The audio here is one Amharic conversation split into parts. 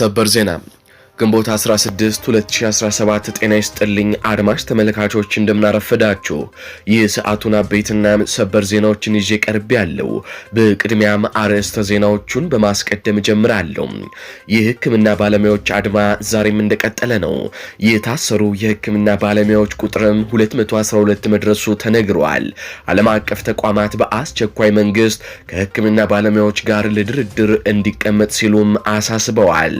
ሰበር ዜና ግንቦት 16 2017። ጤና ይስጥልኝ አድማጭ ተመልካቾች እንደምናረፈዳችሁ፣ ይህ ሰዓቱን አበይትና ሰበር ዜናዎችን ይዤ ቀርብ ያለው። በቅድሚያም አርዕስተ ዜናዎቹን በማስቀደም እጀምራለሁ። የህክምና ባለሙያዎች አድማ ዛሬም እንደቀጠለ ነው። የታሰሩ የህክምና ባለሙያዎች ቁጥርም 212 መድረሱ ተነግረዋል። ዓለም አቀፍ ተቋማት በአስቸኳይ መንግስት ከህክምና ባለሙያዎች ጋር ለድርድር እንዲቀመጥ ሲሉም አሳስበዋል።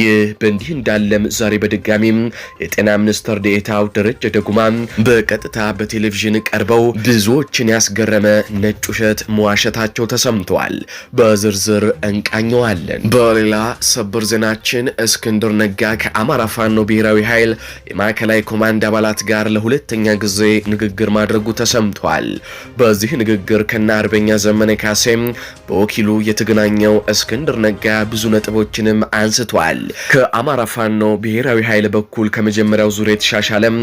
ይህ በእንዲህ እንዳለም ዛሬ በድጋሚም የጤና ሚኒስትር ዴኤታው ደረጀ ደጉማ በቀጥታ በቴሌቪዥን ቀርበው ብዙዎችን ያስገረመ ነጭ ውሸት መዋሸታቸው ተሰምተዋል። በዝርዝር እንቃኘዋለን። በሌላ ሰበር ዜናችን እስክንድር ነጋ ከአማራ ፋኖ ብሔራዊ ኃይል የማዕከላዊ ኮማንድ አባላት ጋር ለሁለተኛ ጊዜ ንግግር ማድረጉ ተሰምቷል። በዚህ ንግግር ከነ አርበኛ ዘመነ ካሴም በወኪሉ የተገናኘው እስክንድር ነጋ ብዙ ነጥቦችንም አንስቷል። ከአማራ ፋኖ ብሔራዊ ኃይል በኩል ከመጀመሪያው ዙር የተሻሻለም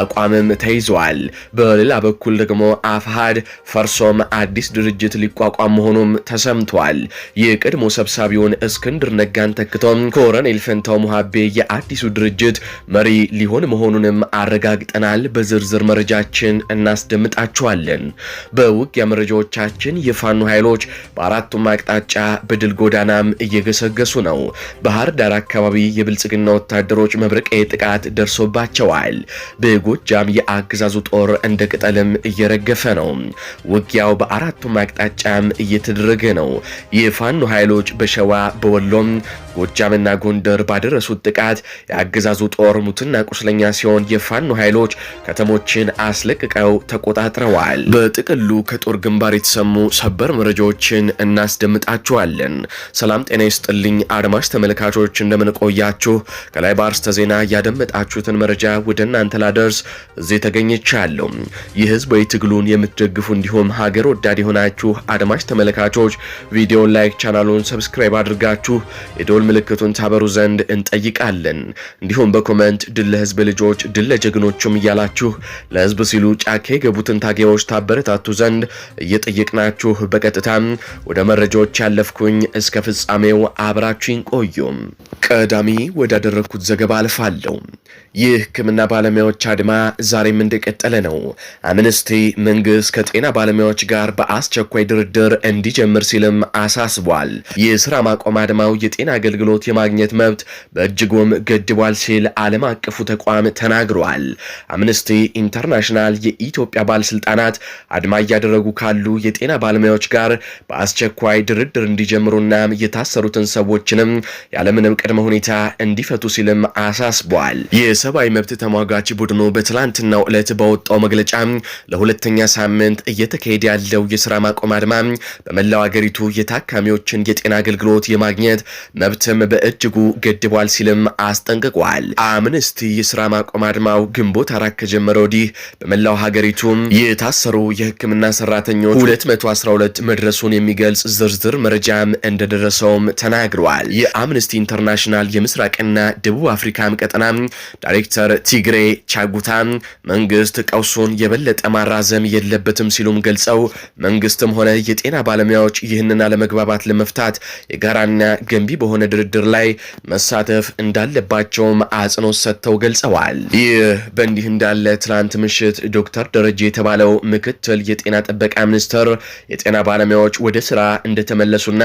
አቋምም ተይዟል። በሌላ በኩል ደግሞ አፍሃድ ፈርሶም አዲስ ድርጅት ሊቋቋም መሆኑም ተሰምቷል። የቀድሞ ሰብሳቢውን እስክንድር ነጋን ተክቶም ኮሎኔል ፈንታው ሙሃቤ የአዲሱ ድርጅት መሪ ሊሆን መሆኑንም አረጋግጠናል። በዝርዝር መረጃችን እናስደምጣችኋለን። በውጊያ መረጃዎቻችን የፋኖ ኃይሎች በአራቱም አቅጣጫ በድል ጎዳናም እየገሰገሱ ነው። ባህር ዳር አካባቢ የብልጽ የብልጽግና ወታደሮች መብረቃዊ ጥቃት ደርሶባቸዋል። በጎጃም የአገዛዙ ጦር እንደ ቅጠልም እየረገፈ ነው። ውጊያው በአራቱም አቅጣጫም እየተደረገ ነው። የፋኖ ኃይሎች በሸዋ በወሎም ጎጃምና ጎንደር ባደረሱት ጥቃት የአገዛዙ ጦር ሙትና ቁስለኛ ሲሆን የፋኖ ኃይሎች ከተሞችን አስለቅቀው ተቆጣጥረዋል። በጥቅሉ ከጦር ግንባር የተሰሙ ሰበር መረጃዎችን እናስደምጣችኋለን። ሰላም ጤና ይስጥልኝ አድማጭ ተመልካቾች እንደምንቆያችሁ ከላይ በአርስተ ዜና ያደመጣችሁትን መረጃ ወደ እናንተ ላደርስ እዚህ ተገኝቻለሁ። ይህ ህዝባዊ ትግሉን የምትደግፉ እንዲሁም ሀገር ወዳድ የሆናችሁ አድማጭ ተመልካቾች ቪዲዮን ላይክ፣ ቻናሉን ሰብስክራይብ አድርጋችሁ የዶል ምልክቱን ታበሩ ዘንድ እንጠይቃለን። እንዲሁም በኮመንት ድል ለህዝብ ልጆች፣ ድል ለጀግኖቹም እያላችሁ ለህዝብ ሲሉ ጫካ የገቡትን ታጋዮች ታበረታቱ ዘንድ እየጠየቅናችሁ በቀጥታም ወደ መረጃዎች ያለፍኩኝ እስከ ፍጻሜው አብራችሁን ቆዩ። ቀዳሚ ወደ ወዳደረግኩት ዘገባ አልፋለሁ። ይህ ባለሙያዎች አድማ ዛሬም እንደቀጠለ ነው። አምነስቲ መንግስት ከጤና ባለሙያዎች ጋር በአስቸኳይ ድርድር እንዲጀምር ሲልም አሳስቧል። የስራ ማቆም አድማው የጤና አገልግሎት የማግኘት መብት በእጅጉም ገድቧል ሲል ዓለም አቀፉ ተቋም ተናግሯል። አምነስቲ ኢንተርናሽናል የኢትዮጵያ ባለስልጣናት አድማ እያደረጉ ካሉ የጤና ባለሙያዎች ጋር በአስቸኳይ ድርድር እንዲጀምሩና የታሰሩትን ሰዎችንም ያለምንም ቅድመ ሁኔታ እንዲ እንዲፈቱ ሲልም አሳስቧል። የሰብአዊ መብት ተሟጋች ቡድኑ በትላንትናው ዕለት በወጣው መግለጫ ለሁለተኛ ሳምንት እየተካሄደ ያለው የስራ ማቆም አድማ በመላው አገሪቱ የታካሚዎችን የጤና አገልግሎት የማግኘት መብትም በእጅጉ ገድቧል ሲልም አስጠንቅቋል። አምነስቲ የስራ ማቆም አድማው ግንቦት አራት ከጀመረ ወዲህ በመላው ሀገሪቱ የታሰሩ የህክምና ሰራተኞች 212 መድረሱን የሚገልጽ ዝርዝር መረጃም እንደደረሰውም ተናግረዋል። የአምነስቲ ኢንተርናሽናል የምስራቅና ኢትዮጵያና ደቡብ አፍሪካም ቀጠና ዳይሬክተር ቲግሬ ቻጉታ መንግስት ቀውሱን የበለጠ ማራዘም የለበትም ሲሉም ገልጸው መንግስትም ሆነ የጤና ባለሙያዎች ይህንን አለመግባባት ለመፍታት የጋራና ገንቢ በሆነ ድርድር ላይ መሳተፍ እንዳለባቸውም አጽንኦት ሰጥተው ገልጸዋል። ይህ በእንዲህ እንዳለ ትናንት ምሽት ዶክተር ደረጀ የተባለው ምክትል የጤና ጥበቃ ሚኒስትር የጤና ባለሙያዎች ወደ ስራ እንደተመለሱና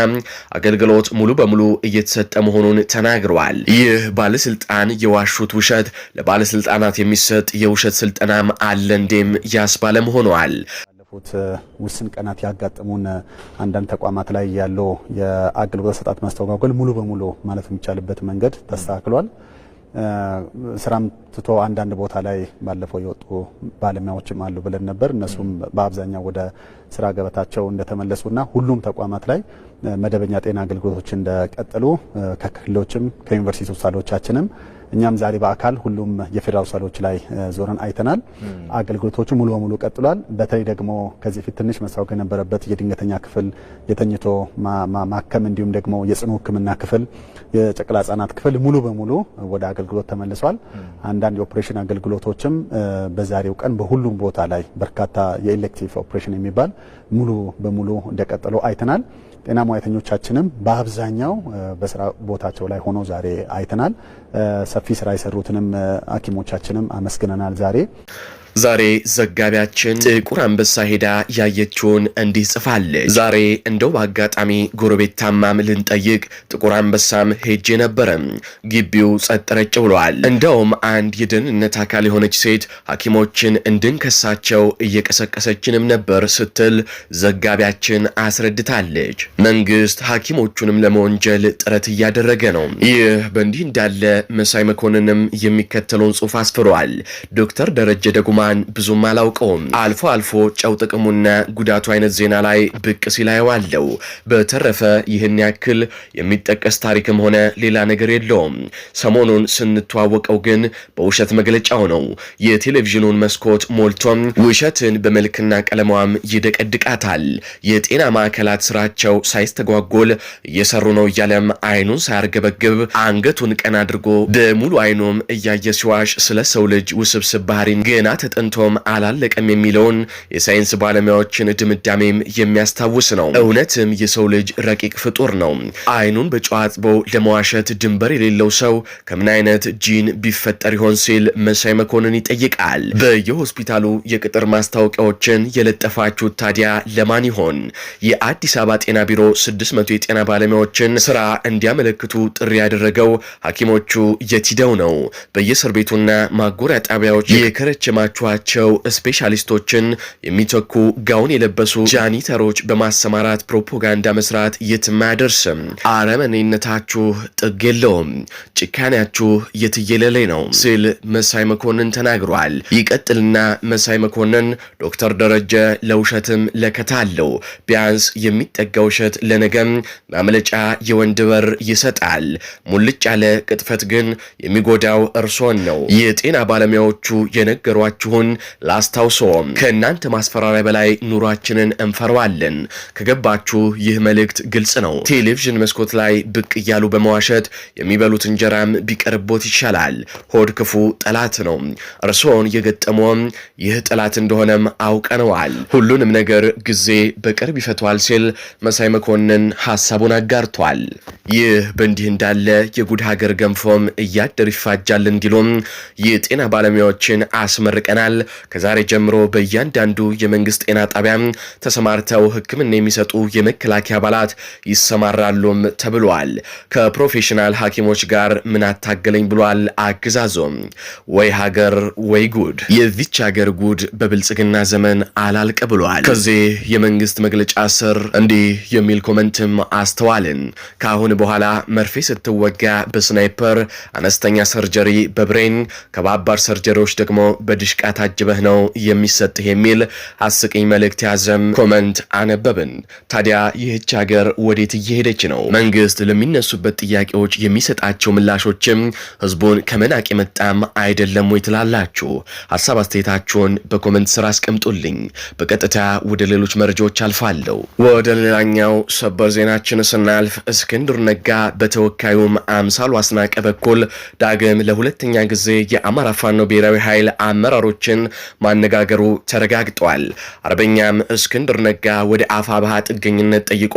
አገልግሎት ሙሉ በሙሉ እየተሰጠ መሆኑን ተናግረዋል። ይህ ባለስልጣን የዋሹት ውሸት ለባለስልጣናት የሚሰጥ የውሸት ስልጠናም አለ እንዴም ያስባለም ሆነዋል። ባለፉት ውስን ቀናት ያጋጠሙን አንዳንድ ተቋማት ላይ ያለው የአገልግሎት አሰጣጥ ማስተጓጎል ሙሉ በሙሉ ማለት የሚቻልበት መንገድ ተስተካክሏል። ስራም ትቶ አንዳንድ ቦታ ላይ ባለፈው የወጡ ባለሙያዎችም አሉ ብለን ነበር። እነሱም በአብዛኛው ወደ ስራ ገበታቸው እንደተመለሱና ሁሉም ተቋማት ላይ መደበኛ ጤና አገልግሎቶች እንደቀጠሉ ከክልሎችም ከዩኒቨርሲቲ ውሳዶቻችንም እኛም ዛሬ በአካል ሁሉም የፌዴራል ውሳዶች ላይ ዞረን አይተናል። አገልግሎቶቹ ሙሉ በሙሉ ቀጥሏል። በተለይ ደግሞ ከዚህ ፊት ትንሽ መታወቅ የነበረበት የድንገተኛ ክፍል የተኝቶ ማከም እንዲሁም ደግሞ የጽኑ ሕክምና ክፍል፣ የጨቅላ ህጻናት ክፍል ሙሉ በሙሉ ወደ አገልግሎት ተመልሷል። አንዳንድ የኦፕሬሽን አገልግሎቶችም በዛሬው ቀን በሁሉም ቦታ ላይ በርካታ የኤሌክቲቭ ኦፕሬሽን የሚባል ሙሉ በሙሉ እንደቀጠሉ አይተናል። ጤና ሙያተኞቻችንም በአብዛኛው በስራ ቦታቸው ላይ ሆኖ ዛሬ አይተናል። ሰፊ ስራ የሰሩትንም ሐኪሞቻችንም አመስግነናል ዛሬ ዛሬ ዘጋቢያችን ጥቁር አንበሳ ሄዳ ያየችውን እንዲህ ጽፋለች። ዛሬ እንደው በአጋጣሚ ጎረቤት ታማም ልንጠይቅ ጥቁር አንበሳም ሄጄ ነበርም። ግቢው ጸጥ ረጭ ብሏል። እንደውም አንድ የደህንነት አካል የሆነች ሴት ሐኪሞችን እንድንከሳቸው እየቀሰቀሰችንም ነበር ስትል ዘጋቢያችን አስረድታለች። መንግስት ሐኪሞቹንም ለመወንጀል ጥረት እያደረገ ነው። ይህ በእንዲህ እንዳለ መሳይ መኮንንም የሚከተለውን ጽሑፍ አስፍሯል። ዶክተር ደረጀ ደጉማ እንኳን ብዙም አላውቀውም። አልፎ አልፎ ጨው ጥቅሙና ጉዳቱ አይነት ዜና ላይ ብቅ ሲል አየዋለሁ። በተረፈ ይህን ያክል የሚጠቀስ ታሪክም ሆነ ሌላ ነገር የለውም። ሰሞኑን ስንተዋወቀው ግን በውሸት መግለጫው ነው። የቴሌቪዥኑን መስኮት ሞልቶም ውሸትን በመልክና ቀለማዋም ይደቀድቃታል። የጤና ማዕከላት ስራቸው ሳይስተጓጎል እየሰሩ ነው እያለም አይኑን ሳያርገበግብ አንገቱን ቀና አድርጎ በሙሉ አይኑም እያየ ሲዋሽ ስለ ሰው ልጅ ውስብስብ ባህሪን ገና ተጠንቶም አላለቀም የሚለውን የሳይንስ ባለሙያዎችን ድምዳሜም የሚያስታውስ ነው። እውነትም የሰው ልጅ ረቂቅ ፍጡር ነው። አይኑን በጨው አጥቦ ለመዋሸት ድንበር የሌለው ሰው ከምን አይነት ጂን ቢፈጠር ይሆን ሲል መሳይ መኮንን ይጠይቃል። በየሆስፒታሉ የቅጥር ማስታወቂያዎችን የለጠፋችሁት ታዲያ ለማን ይሆን? የአዲስ አበባ ጤና ቢሮ 600 የጤና ባለሙያዎችን ስራ እንዲያመለክቱ ጥሪ ያደረገው ሐኪሞቹ የት ሂደው ነው? በየእስር ቤቱና ማጎሪያ ጣቢያዎች የከረችማችሁ ያሏቸው ስፔሻሊስቶችን የሚተኩ ጋውን የለበሱ ጃኒተሮች በማሰማራት ፕሮፓጋንዳ መስራት የትም አያደርስም። አረመኔነታችሁ ጥግ የለውም፣ ጭካኔያችሁ የትየለሌ ነው ሲል መሳይ መኮንን ተናግሯል። ይቀጥልና መሳይ መኮንን ዶክተር ደረጀ ለውሸትም ለከታ አለው። ቢያንስ የሚጠጋ ውሸት ለነገም ማምለጫ የወንድ በር ይሰጣል። ሙልጭ ያለ ቅጥፈት ግን የሚጎዳው እርሶን ነው። የጤና ባለሙያዎቹ የነገሯችሁ መሆን ላስታውሶም። ከእናንተ ማስፈራሪያ በላይ ኑሯችንን እንፈራዋለን። ከገባችሁ ይህ መልእክት ግልጽ ነው። ቴሌቪዥን መስኮት ላይ ብቅ እያሉ በመዋሸት የሚበሉት እንጀራም ቢቀርቦት ይሻላል። ሆድ ክፉ ጠላት ነው። እርስዎን የገጠመውም ይህ ጠላት እንደሆነም አውቀነዋል። ሁሉንም ነገር ጊዜ በቅርብ ይፈቷል ሲል መሳይ መኮንን ሀሳቡን አጋርቷል። ይህ በእንዲህ እንዳለ የጉድ ሀገር ገንፎም እያደር ይፋጃል እንዲሉም የጤና ባለሙያዎችን አስመርቀናል። ይገኛል። ከዛሬ ጀምሮ በእያንዳንዱ የመንግስት ጤና ጣቢያ ተሰማርተው ህክምና የሚሰጡ የመከላከያ አባላት ይሰማራሉም ተብሏል። ከፕሮፌሽናል ሐኪሞች ጋር ምን አታገለኝ ብሏል አገዛዞም። ወይ ሀገር ወይ ጉድ! የዚች ሀገር ጉድ በብልጽግና ዘመን አላልቅ ብሏል። ከዚህ የመንግስት መግለጫ ስር እንዲህ የሚል ኮመንትም አስተዋልን። ከአሁን በኋላ መርፌ ስትወጋ በስናይፐር፣ አነስተኛ ሰርጀሪ በብሬን፣ ከባባር ሰርጀሪዎች ደግሞ በድሽቃ በሙዚቃ ታጅበህ ነው የሚሰጥህ የሚል አስቂኝ መልእክት ያዘም ኮመንት አነበብን። ታዲያ ይህች ሀገር ወዴት እየሄደች ነው? መንግስት ለሚነሱበት ጥያቄዎች የሚሰጣቸው ምላሾችም ህዝቡን ከመናቅ የመጣም አይደለም ወይ ትላላችሁ? ሀሳብ አስተያየታችሁን በኮመንት ስራ አስቀምጡልኝ። በቀጥታ ወደ ሌሎች መረጃዎች አልፋለሁ። ወደ ሌላኛው ሰበር ዜናችን ስናልፍ እስክንድር ነጋ በተወካዩም አምሳሉ አስናቀ በኩል ዳግም ለሁለተኛ ጊዜ የአማራ ፋኖ ብሔራዊ ኃይል አመራሮች አመራሮችን ማነጋገሩ ተረጋግጧል። አርበኛም እስክንድር ነጋ ወደ አፋብሃ ጥገኝነት ጠይቆ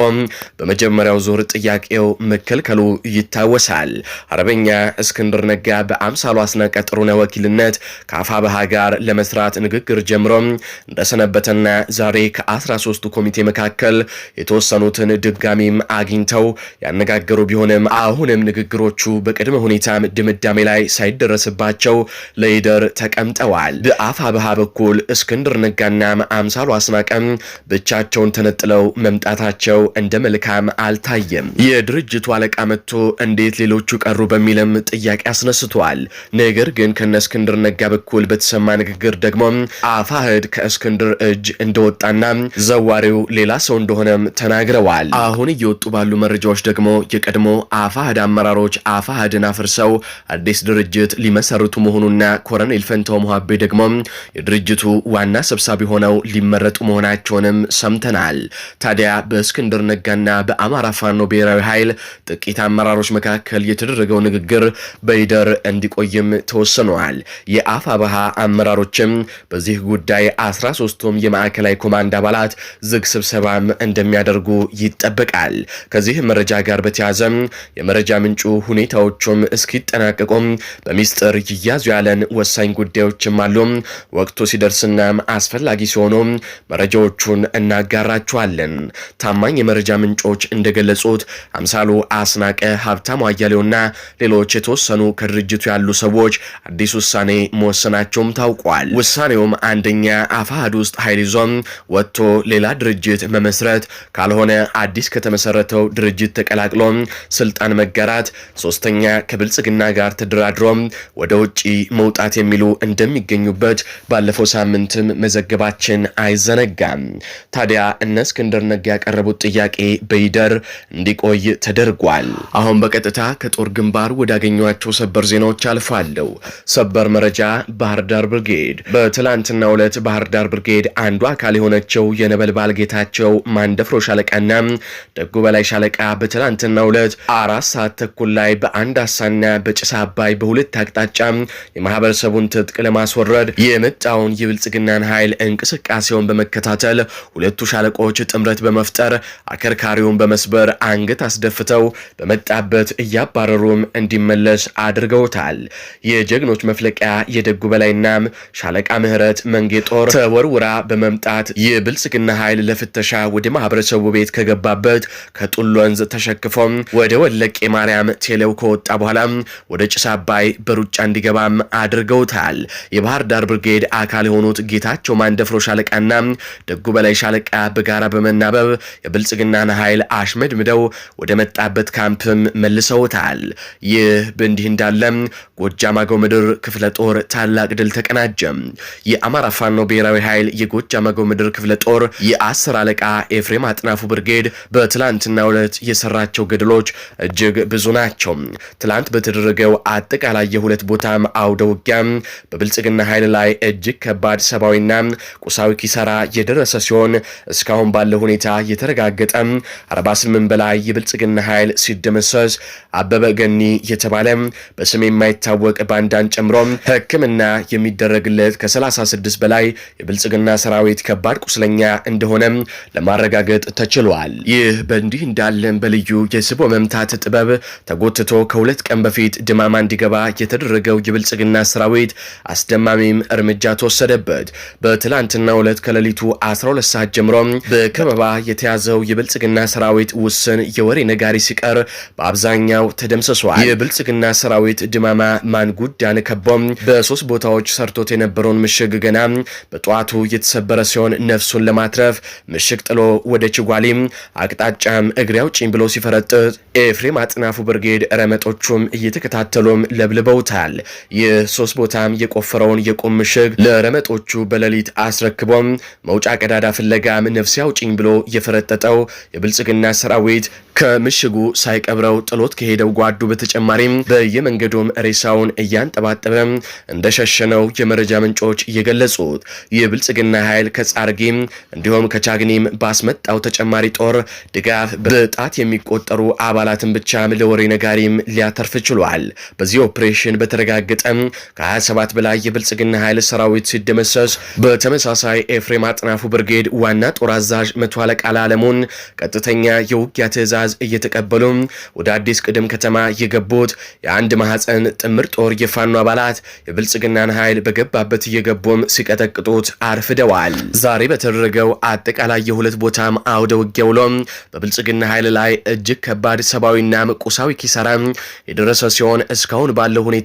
በመጀመሪያው ዙር ጥያቄው መከልከሉ ይታወሳል። አርበኛ እስክንድር ነጋ በአምሳሉ አስናቀ ጥሩነህ ወኪልነት ከአፋብሃ ጋር ለመስራት ንግግር ጀምሮ እንደሰነበተና ዛሬ ከ13ቱ ኮሚቴ መካከል የተወሰኑትን ድጋሚም አግኝተው ያነጋገሩ ቢሆንም አሁንም ንግግሮቹ በቅድመ ሁኔታም ድምዳሜ ላይ ሳይደረስባቸው ለይደር ተቀምጠዋል። በአፋብሃ በኩል እስክንድር ነጋና አምሳሉ አስናቀም ብቻቸውን ተነጥለው መምጣታቸው እንደ መልካም አልታየም። የድርጅቱ አለቃ መጥቶ እንዴት ሌሎቹ ቀሩ በሚልም ጥያቄ አስነስተዋል። ነገር ግን ከነ እስክንድር ነጋ በኩል በተሰማ ንግግር ደግሞ አፋህድ ከእስክንድር እጅ እንደወጣና ዘዋሪው ሌላ ሰው እንደሆነም ተናግረዋል። አሁን እየወጡ ባሉ መረጃዎች ደግሞ የቀድሞ አፋህድ አመራሮች አፋህድን አፍርሰው አዲስ ድርጅት ሊመሰርቱ መሆኑና ኮረኔል ፈንታው ሞሀቤ ደግሞ ደግሞ የድርጅቱ ዋና ሰብሳቢ ሆነው ሊመረጡ መሆናቸውንም ሰምተናል። ታዲያ በእስክንድር ነጋና በአማራ ፋኖ ብሔራዊ ኃይል ጥቂት አመራሮች መካከል የተደረገው ንግግር በይደር እንዲቆይም ተወስኗል። የአፋባሃ አመራሮችም በዚህ ጉዳይ 13ቱም የማዕከላዊ ኮማንድ አባላት ዝግ ስብሰባም እንደሚያደርጉ ይጠበቃል። ከዚህ መረጃ ጋር በተያዘም የመረጃ ምንጩ ሁኔታዎቹም እስኪጠናቀቁም በሚስጥር ይያዙ ያለን ወሳኝ ጉዳዮችም አሉ። ሆኖም ወቅቱ ሲደርስና አስፈላጊ ሲሆኑ መረጃዎቹን እናጋራችኋለን። ታማኝ የመረጃ ምንጮች እንደገለጹት አምሳሉ አስናቀ፣ ሀብታሙ አያሌውና ሌሎች የተወሰኑ ከድርጅቱ ያሉ ሰዎች አዲስ ውሳኔ መወሰናቸውም ታውቋል። ውሳኔውም አንደኛ አፋሃድ ውስጥ ኃይል ይዞም ወጥቶ ሌላ ድርጅት መመስረት፣ ካልሆነ አዲስ ከተመሰረተው ድርጅት ተቀላቅሎ ስልጣን መጋራት፣ ሶስተኛ ከብልጽግና ጋር ተደራድሮ ወደ ውጭ መውጣት የሚሉ እንደሚገኙ እንደነበሩበት ባለፈው ሳምንትም መዘገባችን አይዘነጋም። ታዲያ እነ እስክንድር ነጋ ያቀረቡት ጥያቄ በይደር እንዲቆይ ተደርጓል። አሁን በቀጥታ ከጦር ግንባር ወዳገኟቸው ሰበር ዜናዎች አልፋለሁ። ሰበር መረጃ ባህር ዳር ብርጌድ በትላንትና ዕለት ባህር ዳር ብርጌድ አንዱ አካል የሆነችው የነበልባል ጌታቸው ማንደፍሮ ሻለቃና ደጉ በላይ ሻለቃ በትላንትና ዕለት አራት ሰዓት ተኩል ላይ በአንድ አሳና በጭስ አባይ በሁለት አቅጣጫ የማህበረሰቡን ትጥቅ ለማስወረድ በመውሰድ የመጣውን የብልጽግናን ኃይል እንቅስቃሴውን በመከታተል ሁለቱ ሻለቆች ጥምረት በመፍጠር አከርካሪውን በመስበር አንገት አስደፍተው በመጣበት እያባረሩም እንዲመለስ አድርገውታል። የጀግኖች መፍለቂያ የደጉ በላይና ሻለቃ ምህረት መንጌ ጦር ተወርውራ በመምጣት የብልጽግና ኃይል ለፍተሻ ወደ ማህበረሰቡ ቤት ከገባበት ከጡል ወንዝ ተሸክፎም ወደ ወለቄ ማርያም ቴሌው ከወጣ በኋላ ወደ ጭስ አባይ በሩጫ እንዲገባም አድርገውታል። የባህር ዳር የወዳድ ብርጌድ አካል የሆኑት ጌታቸው ማንደፍሮ ሻለቃና ደጉ በላይ ሻለቃ በጋራ በመናበብ የብልጽግናን ኃይል አሽመድምደው ወደ መጣበት ካምፕም መልሰውታል። ይህ በእንዲህ እንዳለም ጎጃም አገው ምድር ክፍለ ጦር ታላቅ ድል ተቀናጀ። የአማራ ፋኖ ብሔራዊ ኃይል የጎጃም አገው ምድር ክፍለ ጦር የአስር አለቃ ኤፍሬም አጥናፉ ብርጌድ በትላንትናው ዕለት የሰራቸው ገድሎች እጅግ ብዙ ናቸው። ትላንት በተደረገው አጠቃላይ የሁለት ቦታም አውደ ውጊያ በብልጽግና ኃይል ላይ እጅግ ከባድ ሰብአዊና ቁሳዊ ኪሳራ የደረሰ ሲሆን እስካሁን ባለው ሁኔታ የተረጋገጠ 48 በላይ የብልጽግና ኃይል ሲደመሰስ አበበ ገኒ የተባለ በስም የማይታወቅ ባንዳን ጨምሮ ሕክምና የሚደረግለት ከ36 በላይ የብልጽግና ሰራዊት ከባድ ቁስለኛ እንደሆነ ለማረጋገጥ ተችሏል። ይህ በእንዲህ እንዳለን በልዩ የስቦ መምታት ጥበብ ተጎትቶ ከሁለት ቀን በፊት ድማማ እንዲገባ የተደረገው የብልጽግና ሰራዊት አስደማሚ ተገቢም እርምጃ ተወሰደበት። በትላንትናው ዕለት ከሌሊቱ 12 ሰዓት ጀምሮ በከበባ የተያዘው የብልጽግና ሰራዊት ውስን የወሬ ነጋሪ ሲቀር በአብዛኛው ተደምስሷል። የብልጽግና ሰራዊት ድማማ ማንጉዳን ከቦም በሶስት ቦታዎች ሰርቶት የነበረውን ምሽግ ገና በጠዋቱ የተሰበረ ሲሆን ነፍሱን ለማትረፍ ምሽግ ጥሎ ወደ ችጓሊም አቅጣጫም እግሬ አውጪኝ ብሎ ሲፈረጥጥ ኤፍሬም አጥናፉ ብርጌድ ረመጦቹም እየተከታተሉም ለብልበውታል። ይህ ሶስት ቦታም የቆፈረውን የ ትልቁን ምሽግ ለረመጦቹ በሌሊት አስረክቦም መውጫ ቀዳዳ ፍለጋም ነፍሴ አውጭኝ ብሎ የፈረጠጠው የብልጽግና ሰራዊት ከምሽጉ ሳይቀብረው ጥሎት ከሄደው ጓዱ በተጨማሪም በየመንገዱም ሬሳውን እያንጠባጠበ እንደሸሸነው የመረጃ ምንጮች እየገለጹት የብልጽግና ኃይል ከጻርጊም እንዲሁም ከቻግኒም ባስመጣው ተጨማሪ ጦር ድጋፍ በጣት የሚቆጠሩ አባላትን ብቻ ለወሬ ነጋሪም ሊያተርፍ ችሏል። በዚህ ኦፕሬሽን በተረጋገጠ ከ27 በላይ የብልጽግና ኃይል ሰራዊት ሲደመሰስ፣ በተመሳሳይ ኤፍሬም አጥናፉ ብርጌድ ዋና ጦር አዛዥ መቶ አለቃ አለሙን ቀጥተኛ የውጊያ ትዕዛዝ ትዕዛዝ እየተቀበሉ ወደ አዲስ ቅድም ከተማ የገቡት የአንድ ማህፀን ጥምር ጦር የፋኖ አባላት የብልጽግናን ኃይል በገባበት እየገቡም ሲቀጠቅጡት አርፍደዋል። ዛሬ በተደረገው አጠቃላይ የሁለት ቦታም አውደ ውጊያ ውሎ በብልጽግና ኃይል ላይ እጅግ ከባድ ሰብአዊና ቁሳዊ ኪሳራ የደረሰ ሲሆን እስካሁን ባለው ሁኔታ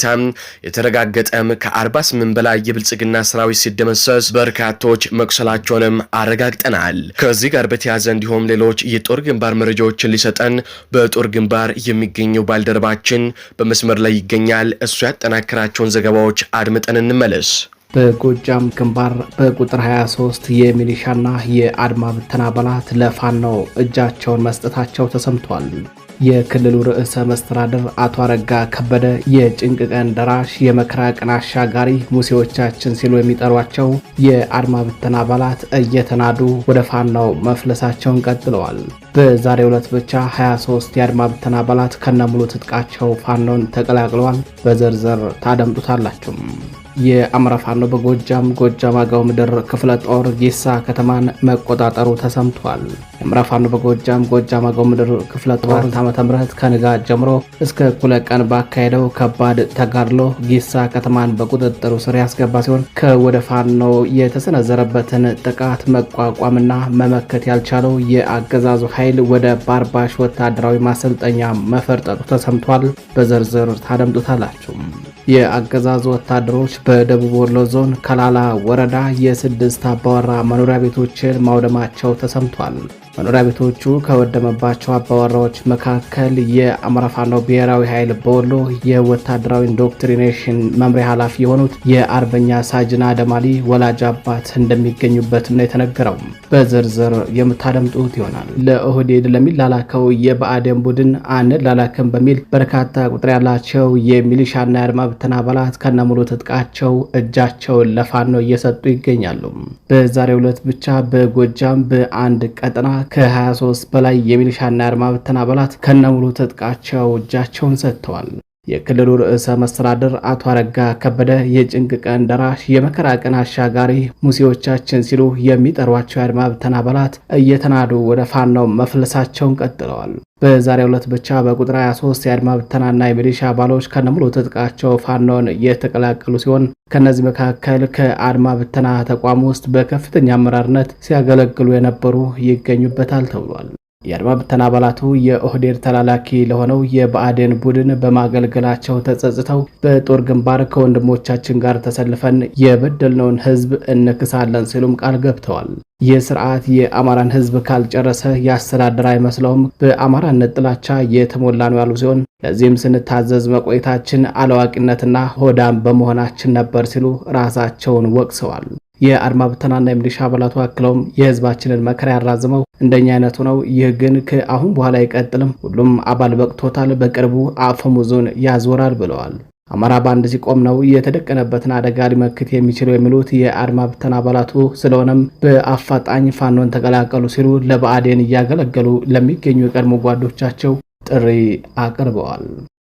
የተረጋገጠም ከ48 በላይ የብልጽግና ሰራዊት ሲደመሰስ በርካቶች መቁሰላቸውንም አረጋግጠናል። ከዚህ ጋር በተያያዘ እንዲሁም ሌሎች የጦር ግንባር መረጃዎችን ሊሰ መጠን በጦር ግንባር የሚገኘው ባልደረባችን በመስመር ላይ ይገኛል። እሱ ያጠናከራቸውን ዘገባዎች አድምጠን እንመለስ። በጎጃም ግንባር በቁጥር 23 የሚሊሻና የአድማ ብተና አባላት ለፋኖ እጃቸውን መስጠታቸው ተሰምቷል። የክልሉ ርዕሰ መስተዳድር አቶ አረጋ ከበደ የጭንቅ ቀን ደራሽ የመከራ ቀን አሻጋሪ ሙሴዎቻችን ሲሉ የሚጠሯቸው የአድማ ብተና አባላት እየተናዱ ወደ ፋናው መፍለሳቸውን ቀጥለዋል። በዛሬ ዕለት ብቻ 23 የአድማ ብተና አባላት ከነሙሉ ትጥቃቸው ፋናውን ተቀላቅለዋል። በዝርዝር ታደምጡታላችሁ። የአማራ ፋኖ በጎጃም ጎጃም አገው ምድር ክፍለ ጦር ጌሳ ከተማን መቆጣጠሩ ተሰምቷል። የአማራ ፋኖ በጎጃም ጎጃም አገው ምድር ክፍለ ጦር ዓመተ ምህረት ከንጋት ጀምሮ እስከ እኩለ ቀን ባካሄደው ከባድ ተጋድሎ ጌሳ ከተማን በቁጥጥሩ ስር ያስገባ ሲሆን ከወደ ፋኖ የተሰነዘረበትን ጥቃት መቋቋምና መመከት ያልቻለው የአገዛዙ ኃይል ወደ ባርባሽ ወታደራዊ ማሰልጠኛ መፈርጠጡ ተሰምቷል። በዝርዝር ታደምጡታላችሁ። የአገዛዙ ወታደሮች በደቡብ ወሎ ዞን ከላላ ወረዳ የስድስት አባወራ መኖሪያ ቤቶችን ማውደማቸው ተሰምቷል። መኖሪያ ቤቶቹ ከወደመባቸው አባወራዎች መካከል የአማራ ፋኖ ብሔራዊ ኃይል በወሎ የወታደራዊ ኢንዶክትሪኔሽን መምሪያ ኃላፊ የሆኑት የአርበኛ ሳጅን አደማሊ ወላጅ አባት እንደሚገኙበትም ነው የተነገረው። በዝርዝር የምታደምጡት ይሆናል። ለኦህዴድ ለሚላላከው የብአዴን ቡድን አንላላክም በሚል በርካታ ቁጥር ያላቸው የሚሊሻና የአድማ ብተና አባላት ከነሙሉ ትጥቃቸው እጃቸውን ለፋኖ እየሰጡ ይገኛሉ። በዛሬው ዕለት ብቻ በጎጃም በአንድ ቀጠና ከ23 በላይ የሚሊሻና አድማ ብተና አባላት ከነሙሉ ትጥቃቸው እጃቸውን ሰጥተዋል። የክልሉ ርዕሰ መስተዳድር አቶ አረጋ ከበደ የጭንቅ ቀን ደራሽ የመከራ ቀን አሻጋሪ ሙሴዎቻችን ሲሉ የሚጠሯቸው የአድማ ብተና አባላት እየተናዱ ወደ ፋናው መፍለሳቸውን ቀጥለዋል። በዛሬ ዕለት ብቻ በቁጥር 23 የአድማ ብተናና የሚሊሻ አባሎች ከነሙሉ ትጥቃቸው ፋኖን እየተቀላቀሉ ሲሆን ከእነዚህ መካከል ከአድማ ብተና ተቋም ውስጥ በከፍተኛ አመራርነት ሲያገለግሉ የነበሩ ይገኙበታል ተብሏል። የአድማ ብተና አባላቱ የኦህዴድ ተላላኪ ለሆነው የብአዴን ቡድን በማገልገላቸው ተጸጽተው በጦር ግንባር ከወንድሞቻችን ጋር ተሰልፈን የበደልነውን ሕዝብ እንክሳለን ሲሉም ቃል ገብተዋል። ይህ ስርዓት የአማራን ሕዝብ ካልጨረሰ የአስተዳደር አይመስለውም፣ በአማራነት ጥላቻ የተሞላ ነው ያሉ ሲሆን ለዚህም ስንታዘዝ መቆየታችን አለዋቂነትና ሆዳም በመሆናችን ነበር ሲሉ ራሳቸውን ወቅሰዋል። የአድማ ብተናና የሚሊሻ አባላቱ አክለውም የህዝባችንን መከራ ያራዝመው እንደኛ አይነቱ ነው። ይህ ግን ከአሁን በኋላ አይቀጥልም። ሁሉም አባል በቅቶታል። በቅርቡ አፈሙዙን ያዞራል ብለዋል። አማራ ባንድ ሲቆም ነው የተደቀነበትን አደጋ ሊመክት የሚችለው የሚሉት የአድማ ብተና አባላቱ ስለሆነም በአፋጣኝ ፋኖን ተቀላቀሉ ሲሉ ለብአዴን እያገለገሉ ለሚገኙ የቀድሞ ጓዶቻቸው ጥሪ አቅርበዋል።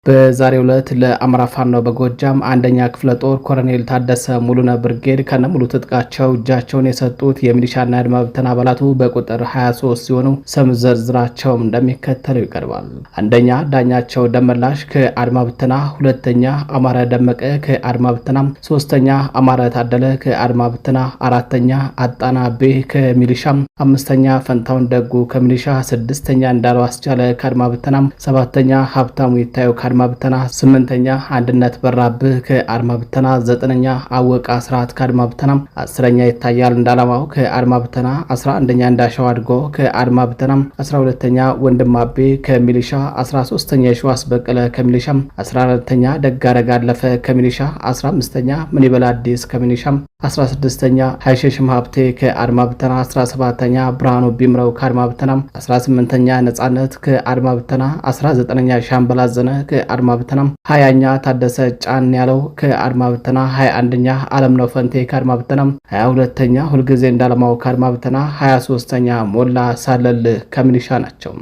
በዛሬ ዕለት ለአማራ ፋኖ በጎጃም አንደኛ ክፍለ ጦር ኮሎኔል ታደሰ ሙሉነ ብርጌድ ከነሙሉ ትጥቃቸው እጃቸውን የሰጡት የሚሊሻና የአድማ ብተና አባላቱ በቁጥር 23 ሲሆኑ ስም ዝርዝራቸውም እንደሚከተለው ይቀርባል። አንደኛ ዳኛቸው ደመላሽ ከአድማ ብተና፣ ሁለተኛ አማረ ደመቀ ከአድማ ብተና፣ ሶስተኛ አማረ ታደለ ከአድማ ብተና፣ አራተኛ አጣና ቤ ከሚሊሻ፣ አምስተኛ ፈንታውን ደጉ ከሚሊሻ፣ ስድስተኛ እንዳለው አስቻለ ከአድማ ብተና፣ ሰባተኛ ሀብታሙ ይታየው ከአድማ ብተና፣ ስምንተኛ አንድነት በራብህ ከአድማ ብተና፣ ዘጠነኛ አወቃ ስርዓት ከአድማ ብተና፣ አስረኛ ይታያል እንዳላማው ከአድማ ብተና፣ አስራ አንደኛ እንዳሻው አድጎ ከአድማ ብተና፣ አስራ ሁለተኛ ወንድማቤ ከሚሊሻ፣ አስራ ሶስተኛ የሸዋስ በቀለ ከሚሊሻ፣ አስራ አራተኛ ደጋረግ አለፈ ከሚሊሻ፣ አስራ አምስተኛ ምን አዲስ ከሚሊሻ 16ኛ ሀይሸሽም ሀብቴ ከአድማ ብተና፣ 17ኛ ብርሃኑ ቢምረው ከአድማ ብተና፣ 18ኛ ነጻነት ከአድማ ብተና፣ 19ኛ ሻምበላ አዘነ ከአድማ ብተና፣ 20ኛ ታደሰ ጫን ያለው ከአድማ ብተና፣ 21ኛ አለምነው ፈንቴ ከአድማ ብተና፣ 22ኛ ሁልጊዜ እንዳለማው ከአድማ ብተና፣ 23ኛ ሞላ ሳለል ከሚኒሻ ናቸው።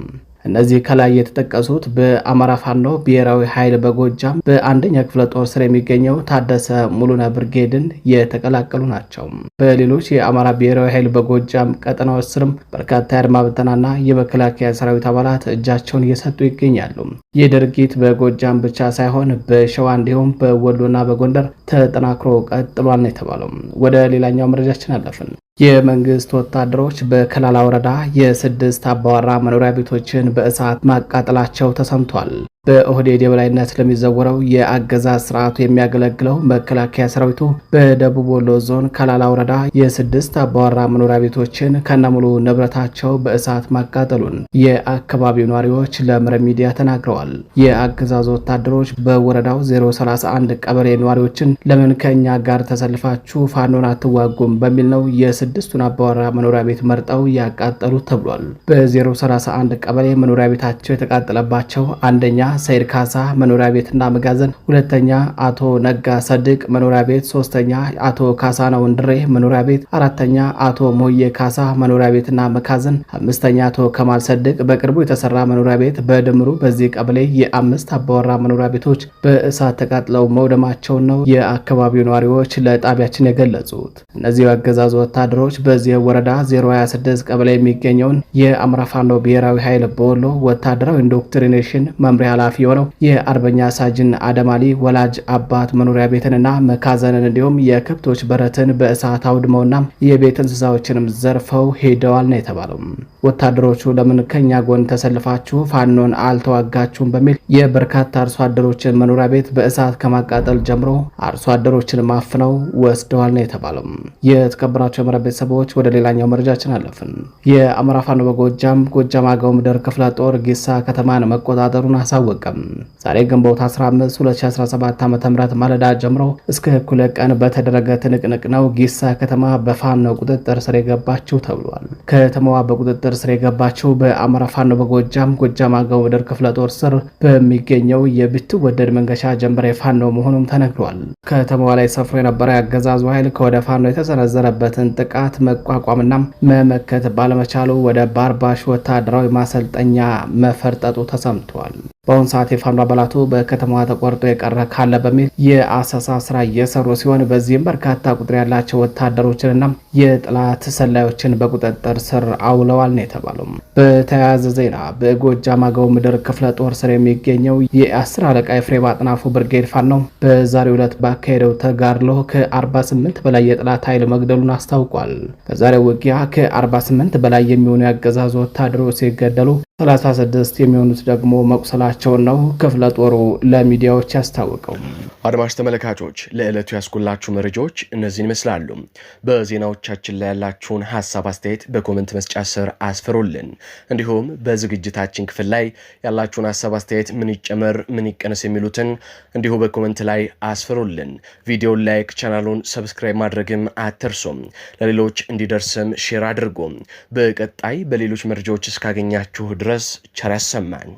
እነዚህ ከላይ የተጠቀሱት በአማራ ፋኖ ብሔራዊ ኃይል በጎጃም በአንደኛ ክፍለ ጦር ስር የሚገኘው ታደሰ ሙሉነ ብርጌድን የተቀላቀሉ ናቸው። በሌሎች የአማራ ብሔራዊ ኃይል በጎጃም ቀጠናዎች ስርም በርካታ የአድማ ብተናና የመከላከያ ሰራዊት አባላት እጃቸውን እየሰጡ ይገኛሉ። ይህ ድርጊት በጎጃም ብቻ ሳይሆን በሸዋ እንዲሁም በወሎና በጎንደር ተጠናክሮ ቀጥሏል ነው የተባለው። ወደ ሌላኛው መረጃችን አለፍን። የመንግስት ወታደሮች በከላላ ወረዳ የስድስት አባወራ መኖሪያ ቤቶችን በእሳት ማቃጠላቸው ተሰምቷል። በኦህዴድ የበላይነት ለሚዘወረው የአገዛዝ ስርዓቱ የሚያገለግለው መከላከያ ሰራዊቱ በደቡብ ወሎ ዞን ከላላ ወረዳ የስድስት አባወራ መኖሪያ ቤቶችን ከነሙሉ ንብረታቸው በእሳት ማቃጠሉን የአካባቢው ነዋሪዎች ለምረ ሚዲያ ተናግረዋል። የአገዛዙ ወታደሮች በወረዳው 031 ቀበሌ ነዋሪዎችን ለምን ከእኛ ጋር ተሰልፋችሁ ፋኖን አትዋጉም በሚል ነው የስድስቱን አባወራ መኖሪያ ቤት መርጠው ያቃጠሉት ተብሏል። በ031 ቀበሌ መኖሪያ ቤታቸው የተቃጠለባቸው አንደኛ ሰይድ ካሳ መኖሪያ ቤትና መጋዘን፣ ሁለተኛ አቶ ነጋ ሰድቅ መኖሪያ ቤት፣ ሶስተኛ አቶ ካሳነው እንድሬ መኖሪያ ቤት፣ አራተኛ አቶ ሞዬ ካሳ መኖሪያ ቤትና መጋዘን፣ አምስተኛ አቶ ከማል ሰድቅ በቅርቡ የተሰራ መኖሪያ ቤት። በድምሩ በዚህ ቀበሌ የአምስት አባወራ መኖሪያ ቤቶች በእሳት ተቃጥለው መውደማቸውን ነው የአካባቢው ነዋሪዎች ለጣቢያችን የገለጹት። እነዚሁ ያገዛዙ ወታደሮች በዚህ ወረዳ 026 ቀበሌ የሚገኘውን የአምራፋኖ ብሔራዊ ኃይል በወሎ ወታደራዊ ኢንዶክትሪኔሽን መምሪያ ኃላፊ የሆነው የአርበኛ ሳጅን አደማሊ ወላጅ አባት መኖሪያ ቤትንና መካዘንን እንዲሁም የከብቶች በረትን በእሳት አውድመውና የቤት እንስሳዎችንም ዘርፈው ሄደዋል ነው የተባለው። ወታደሮቹ ለምን ከኛ ጎን ተሰልፋችሁ ፋኖን አልተዋጋችሁም በሚል የበርካታ አርሶ አደሮችን መኖሪያ ቤት በእሳት ከማቃጠል ጀምሮ አርሶ አደሮችን ማፍነው ወስደዋል ነው የተባለው። የተከበራቸው የአማራ ቤተሰቦች ወደ ሌላኛው መረጃችን አለፍን። የአማራ ፋኖ በጎጃም ጎጃም አገው ምድር ክፍለ ጦር ጊሳ ከተማን መቆጣጠሩን አሳወቀ። አልታወቀም። ዛሬ ግንቦት 15 2017 ዓ ም ማለዳ ጀምሮ እስከ እኩለ ቀን በተደረገ ትንቅንቅ ነው ጊሳ ከተማ በፋኖ ቁጥጥር ስር የገባችው ተብሏል። ከተማዋ በቁጥጥር ስር የገባችው በአማራ ፋኖ በጎጃም ጎጃም አገው ምድር ክፍለ ጦር ስር በሚገኘው ወደድ መንገሻ ጀምረ የፋኖ መሆኑም ተነግሯል። ከተማዋ ላይ ሰፍሮ የነበረ ያገዛዙ ኃይል ከወደ ፋኖ የተሰነዘረበትን ጥቃት መቋቋምና መመከት ባለመቻሉ ወደ ባርባሽ ወታደራዊ ማሰልጠኛ መፈርጠጡ ተሰምቷል። በአሁኑ ሰዓት የፋኖ አባላቱ በከተማዋ ተቆርጦ የቀረ ካለ በሚል የአሰሳ ስራ እየሰሩ ሲሆን በዚህም በርካታ ቁጥር ያላቸው ወታደሮችንና የጠላት ሰላዮችን በቁጥጥር ስር አውለዋል ነው የተባለው። በተያያዘ ዜና በጎጃም አገው ምድር ክፍለ ጦር ስር የሚገኘው የአስር አለቃ ኤፍሬም አጥናፉ ብርጌድ ፋኖ በዛሬው ዕለት ባካሄደው ተጋድሎ ከ48 በላይ የጠላት ኃይል መግደሉን አስታውቋል። በዛሬው ውጊያ ከ48 በላይ የሚሆኑ የአገዛዙ ወታደሮች ሲገደሉ 36 የሚሆኑት ደግሞ መቁሰላ መሆናቸውን ነው ክፍለ ጦሩ ለሚዲያዎች ያስታወቀው። አድማሽ ተመልካቾች ለዕለቱ ያስኩላችሁ መረጃዎች እነዚህን ይመስላሉ። በዜናዎቻችን ላይ ያላችሁን ሀሳብ አስተያየት በኮመንት መስጫ ስር አስፍሩልን። እንዲሁም በዝግጅታችን ክፍል ላይ ያላችሁን ሀሳብ አስተያየት፣ ምን ይጨመር፣ ምን ይቀነስ የሚሉትን እንዲሁ በኮመንት ላይ አስፍሩልን። ቪዲዮን ላይክ፣ ቻናሉን ሰብስክራይብ ማድረግም አትርሱም። ለሌሎች እንዲደርስም ሼር አድርጉ። በቀጣይ በሌሎች መረጃዎች እስካገኛችሁ ድረስ ቸር ያሰማን።